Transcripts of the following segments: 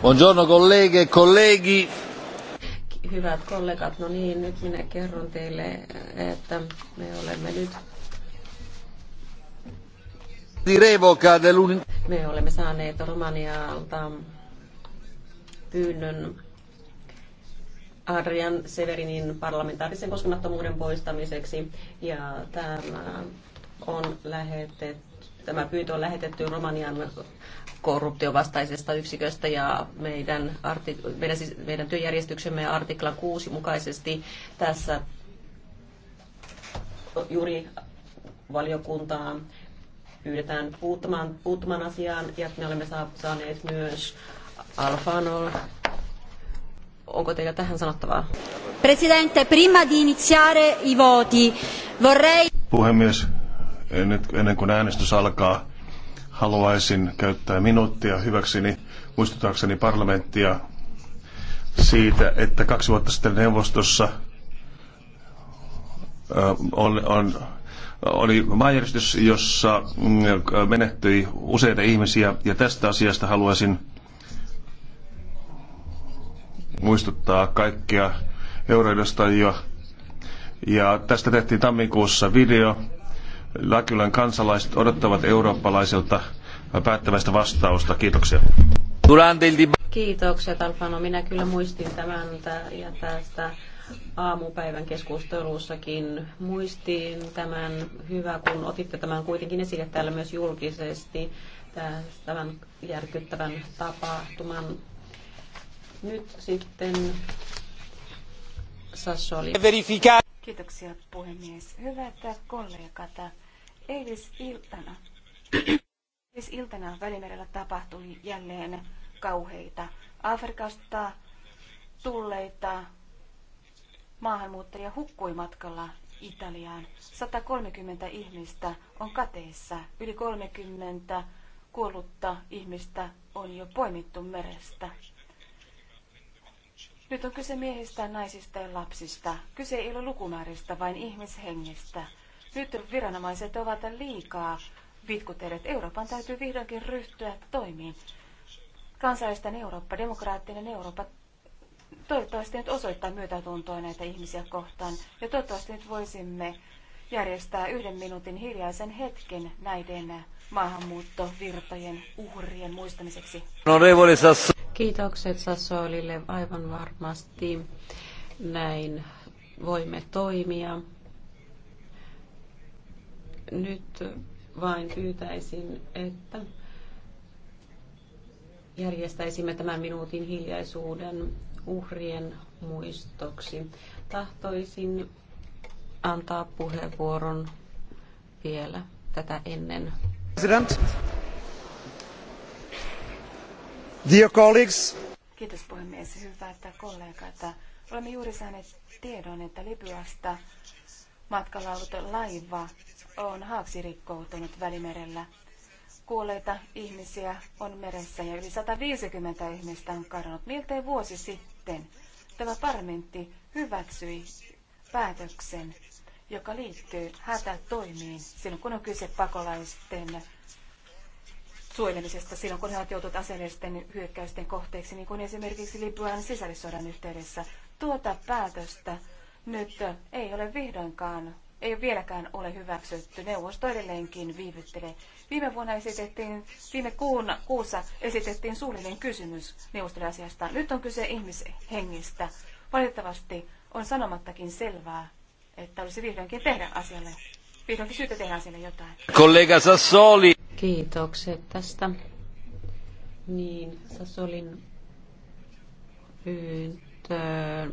Buongiorno colleghe e colleghi. Hyvät kollegat, no niin, nyt minä kerron teille, että me olemme nyt me olemme saaneet Romanialta pyynnön Adrian Severinin parlamentaarisen koskemattomuuden poistamiseksi ja tämä on lähetetty Tämä pyyntö on lähetetty Romanian korruptiovastaisesta yksiköstä ja meidän, arti, meidän, siis, meidän työjärjestyksemme artikla 6 mukaisesti tässä juuri valiokuntaan pyydetään puuttumaan, puuttumaan asiaan ja me olemme saaneet myös Alfanol. Onko teillä tähän sanottavaa? Presidente, prima di iniziare i voti, vorrei... Puhemies, Eh, nyt ennen kuin äänestys alkaa, haluaisin käyttää minuuttia hyväkseni muistutaakseni parlamenttia siitä, että kaksi vuotta sitten neuvostossa eh, on, on, oli maanjäristys, jossa mm, menehtyi useita ihmisiä, ja tästä asiasta haluaisin muistuttaa kaikkia euroedustajia. Ja tästä tehtiin tammikuussa video, Läkylän kansalaiset odottavat eurooppalaisilta päättävästä vastausta. Kiitoksia. Kiitokset Alfano. Minä kyllä muistin tämän ja tästä aamupäivän keskustelussakin muistiin tämän. Hyvä, kun otitte tämän kuitenkin esille täällä myös julkisesti tämän järkyttävän tapahtuman. Nyt sitten Sassoli. Kiitoksia puhemies. Hyvät kollegat, eilisiltana, eilisiltana Välimerellä tapahtui jälleen kauheita Afrikasta tulleita maahanmuuttajia hukkui matkalla Italiaan. 130 ihmistä on kateissa. Yli 30 kuollutta ihmistä on jo poimittu merestä. Nyt on kyse miehistä, naisista ja lapsista. Kyse ei ole lukumääristä, vain ihmishengistä. Nyt viranomaiset ovat liikaa vitkuteet. Euroopan täytyy vihdoinkin ryhtyä toimiin. Kansainvälinen Eurooppa, demokraattinen Eurooppa, toivottavasti nyt osoittaa myötätuntoa näitä ihmisiä kohtaan. Ja toivottavasti nyt voisimme järjestää yhden minuutin hiljaisen hetken näiden maahanmuuttovirtojen uhrien muistamiseksi. No, Kiitokset Sassoolille aivan varmasti. Näin voimme toimia. Nyt vain pyytäisin, että järjestäisimme tämän minuutin hiljaisuuden uhrien muistoksi. Tahtoisin antaa puheenvuoron vielä tätä ennen. President. Dear colleagues. Kiitos puhemies. Hyvä, että kollegat. Olemme juuri saaneet tiedon, että Libyasta laiva on haaksirikkoutunut Välimerellä. Kuolleita ihmisiä on meressä ja yli 150 ihmistä on kadonnut miltei vuosi sitten. Tämä parlamentti hyväksyi päätöksen, joka liittyy hätätoimiin silloin, kun on kyse pakolaisten suojelemisesta silloin, kun he ovat joutuneet aseellisten hyökkäysten kohteeksi, niin kuin esimerkiksi Libyan sisällissodan yhteydessä. Tuota päätöstä nyt ei ole vihdoinkaan, ei vieläkään ole hyväksytty. Neuvosto edelleenkin viivyttelee. Viime vuonna esitettiin, viime kuun, kuussa esitettiin suullinen kysymys neuvostolle asiasta. Nyt on kyse ihmishengistä. Valitettavasti on sanomattakin selvää, että olisi vihdoinkin tehdä asialle. Vihdoinkin syytä tehdä asialle jotain. Kollega Sassoli. Kiitokset tästä. Niin, Sasolin pyyntö,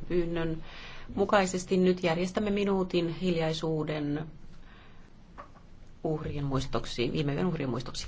pyynnön mukaisesti nyt järjestämme minuutin hiljaisuuden uhrien muistoksi, viime yön uhrien muistoksi.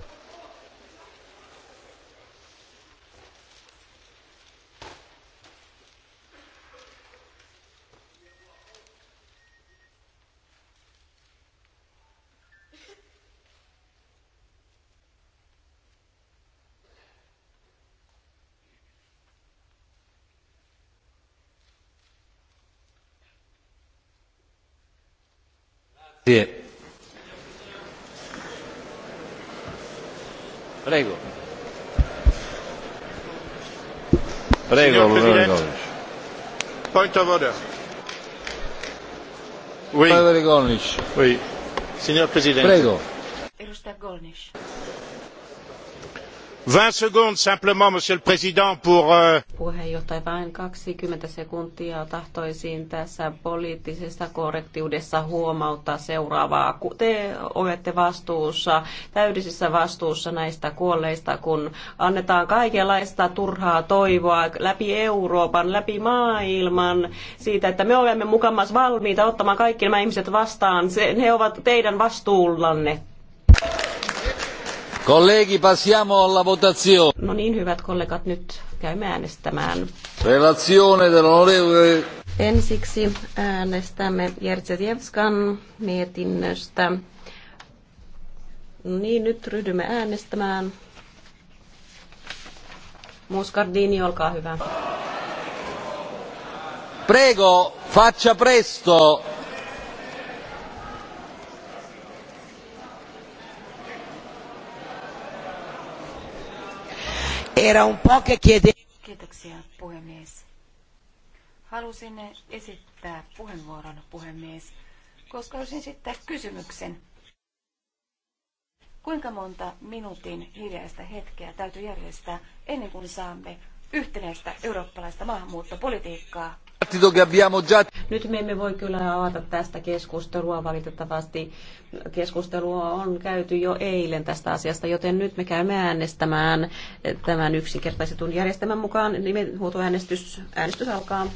Prego. Prego, Point of order. Oui. Signor Presidente. Prego. Edustaja vingt secondes simplement monsieur le président pour euh, puheenjohtaja vain 20 sekuntia tahtoisin tässä poliittisesta korrektiudessa huomauttaa seuraavaa. Te olette vastuussa, täydisessä vastuussa näistä kuolleista, kun annetaan kaikenlaista turhaa toivoa läpi Euroopan, läpi maailman siitä, että me olemme mukamas valmiita ottamaan kaikki nämä ihmiset vastaan. Se, ne ovat teidän vastuullanne Kollegi, passiamo alla votazione. No niin, hyvät kollegat, nyt käymme äänestämään. Relazione dell'onorevole. Ensiksi äänestämme Jertsetievskan mietinnöstä. No niin, nyt ryhdymme äänestämään. Muscardini, olkaa hyvä. Prego, faccia presto. Era un po' che chiede... Kiitoksia puhemies. Halusin esittää puheenvuoron puhemies, koska halusin sitten kysymyksen. Kuinka monta minuutin hiljaista hetkeä täytyy järjestää ennen kuin saamme yhtenäistä eurooppalaista maahanmuuttopolitiikkaa? Nyt me emme voi kyllä avata tästä keskustelua valitettavasti. Keskustelua on käyty jo eilen tästä asiasta, joten nyt me käymme äänestämään tämän yksinkertaisetun järjestelmän mukaan. Nimenhuutoäänestys äänestys alkaa.